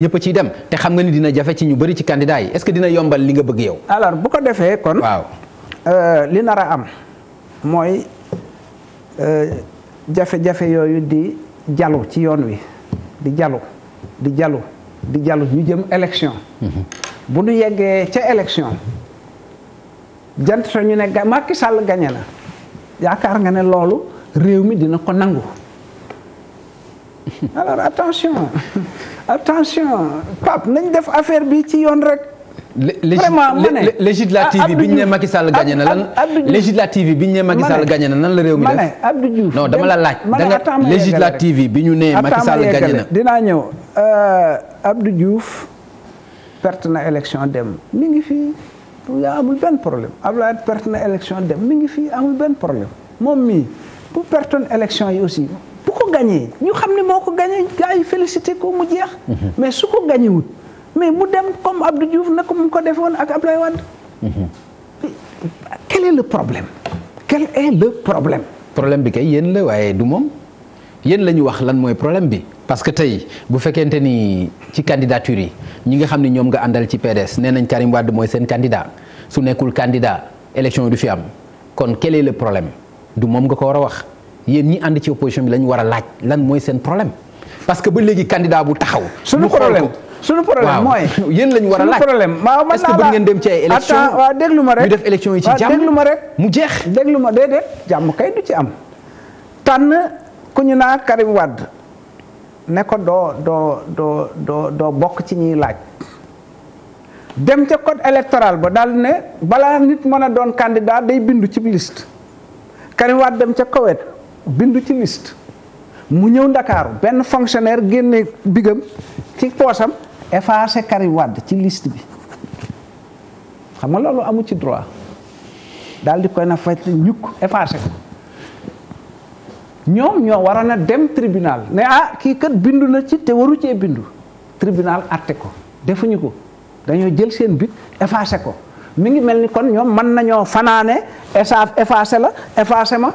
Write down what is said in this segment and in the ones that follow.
ñëpp ciy dem te xam nga ni dina jafe ci ñu bëri ci candidat yi est-ce que dina yombal li nga bëgg yow. alors bu ko defee kon. waaw euh, li nar a am mooy euh, jafe-jafe yooyu di jalu ci yoon wi di jalu di jalu di jalu ñu jëm élection. Mhm. bu nu yeggee ca élection jant so ñu ne ga sàll Sall gañe na yaakaar nga ne loolu réew mi dina ko nangu alors attention. attention Pape nañ def affaire bi ci yoon rek. vraiment ma ne législative bi ñu ne Macky Sall gagné na lan. législative bi ñu ne Macky Sall na nan la réew mi def. ma ne Abdou Diouf non dama la laaj. ma ne législative bi ñu ne Macky Sall na. dinaa ñëw euh, Abdou Diouf perte na élection dem mi ngi fii amul benn problème Abdoulaye perte na élection dem mi ngi fii amul benn problème moom mii bu pertoon élection yi aussi. ko ñu xam ne moo ko gañee gars yi félicité ko mhm. mais su ko gañewut na mu ko defoon ak Abdoulaye Wade mhm. quel problème problème problème bi kay yéen la waaye du moom yéen la ñu wax lan mooy problème bi parce que tey bu fekkente ni ci candidature yi ñi nga xam ne ñoom nga àndal ci PDS nee nañ Karim Wade mooy seen candidat su nekkul candidat élection du fi am kon quel est problème du moom nga ko war a wax yéen ñi ànd ci opposition bi la ñu war a laaj lan mooy seen problème parce que ba léegi candidat bu taxaw. suñu problème suñu problème mooy. yéen lañu war a laaj problème waaw man est-ce que bëgg ngeen dem ma rek def élection yi ci jàmm déglu ma rek. mu jeex déglu ma déedéet jàmm kay du ci am. tànn ku ñu naa Karim Wade ne ko doo doo doo doo doo bokk ci ñuy laaj. dem ca code électoral ba daal ne balaa nit mën a doon candidat day bindu ci liste Karim Wade dem ca Koweït. bindu ci liste mu ñëw ndakaaru benn fonctionnaire génne bigam ci poosam effacé Karim Wade ci liste bi xam nga loolu amu ci droit daal di koy na fay ñukk effacé ko ñoom ñoo waroon a dem tribunal ne ah kii kat bindu na ci te waru cee bindu tribunal atte ko defuñu ko dañoo jël seen bit effacé ko mi ngi mel ni kon ñoom mën nañoo fanaane effacé la effacé ma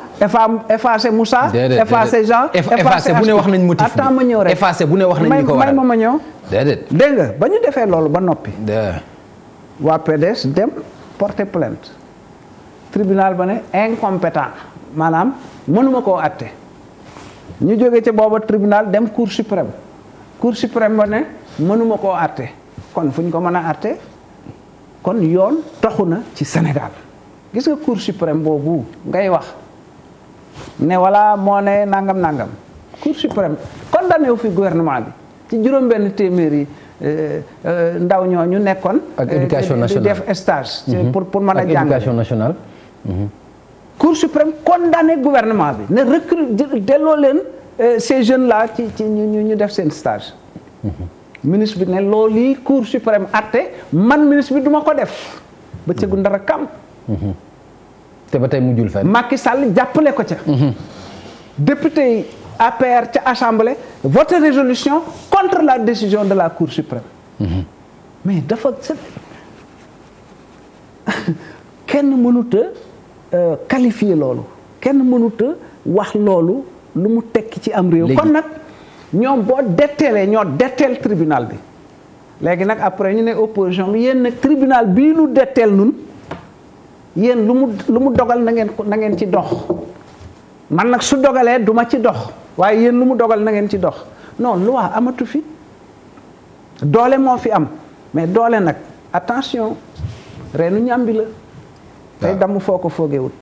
effacé Moussa. effacé Jean effacé bu ne wax nañ motif attends ma ñëw rek effacé bu ne wax nañ li ko waral may ma ma ñëw. déedéet dégg nga ba ñu defee loolu ba noppi. waa des dem porté plainte tribunal ba ne incompétent maanaam mënuma koo àtte ñu jóge ca booba tribunal dem cour suprême cour suprême ba ne mënuma koo àtte kon fu ñu ko mën a àtte. kon yoon taxu na ci Sénégal gis nga cour suprême boobu ngay wax ne wala moo ne nangam nangam cour suprême condamné wu fi gouvernement bi ci juróom-benn téeméer yi euh, euh, ndaw ñoo ñu nekkoon. ak euh, éducation nationale def stage. Mhm. pour pour mën a jàng ak éducation nationale. Mhm. cour suprême condamné gouvernement bi ne recrut delloo leen ces jeunes la ci ci ñu ñu def seen stage. Mhm. ministre bi ne loolu yi cour suprême atte man ministre bi duma ko def ba cëgu ndara kam te ba tey mujjul fenn Macky Sall jàppale ko ca mhm. député yi APR ca assemblée voté résolution contre la décision de la cour suprême mhm. mais dafa kenn mënuta euh, qualifier loolu kenn mënuta wax loolu lu mu tekki ci am réew kon nag ñoom boo detteelee ñoo detteel tribunal bi léegi nag après ñu ne opposition bi yéen nag tribunal bii nu detteel nun yéen lu mu lu mu dogal na ngeen ko na ci dox man nag su dogalee du ma ci dox waaye yéen lu mu dogal na ngeen ci dox lu loi amatu fi doole moo fi am mais doole nag attention reenu ñàmbi la tey ah. damm foo ko foogewut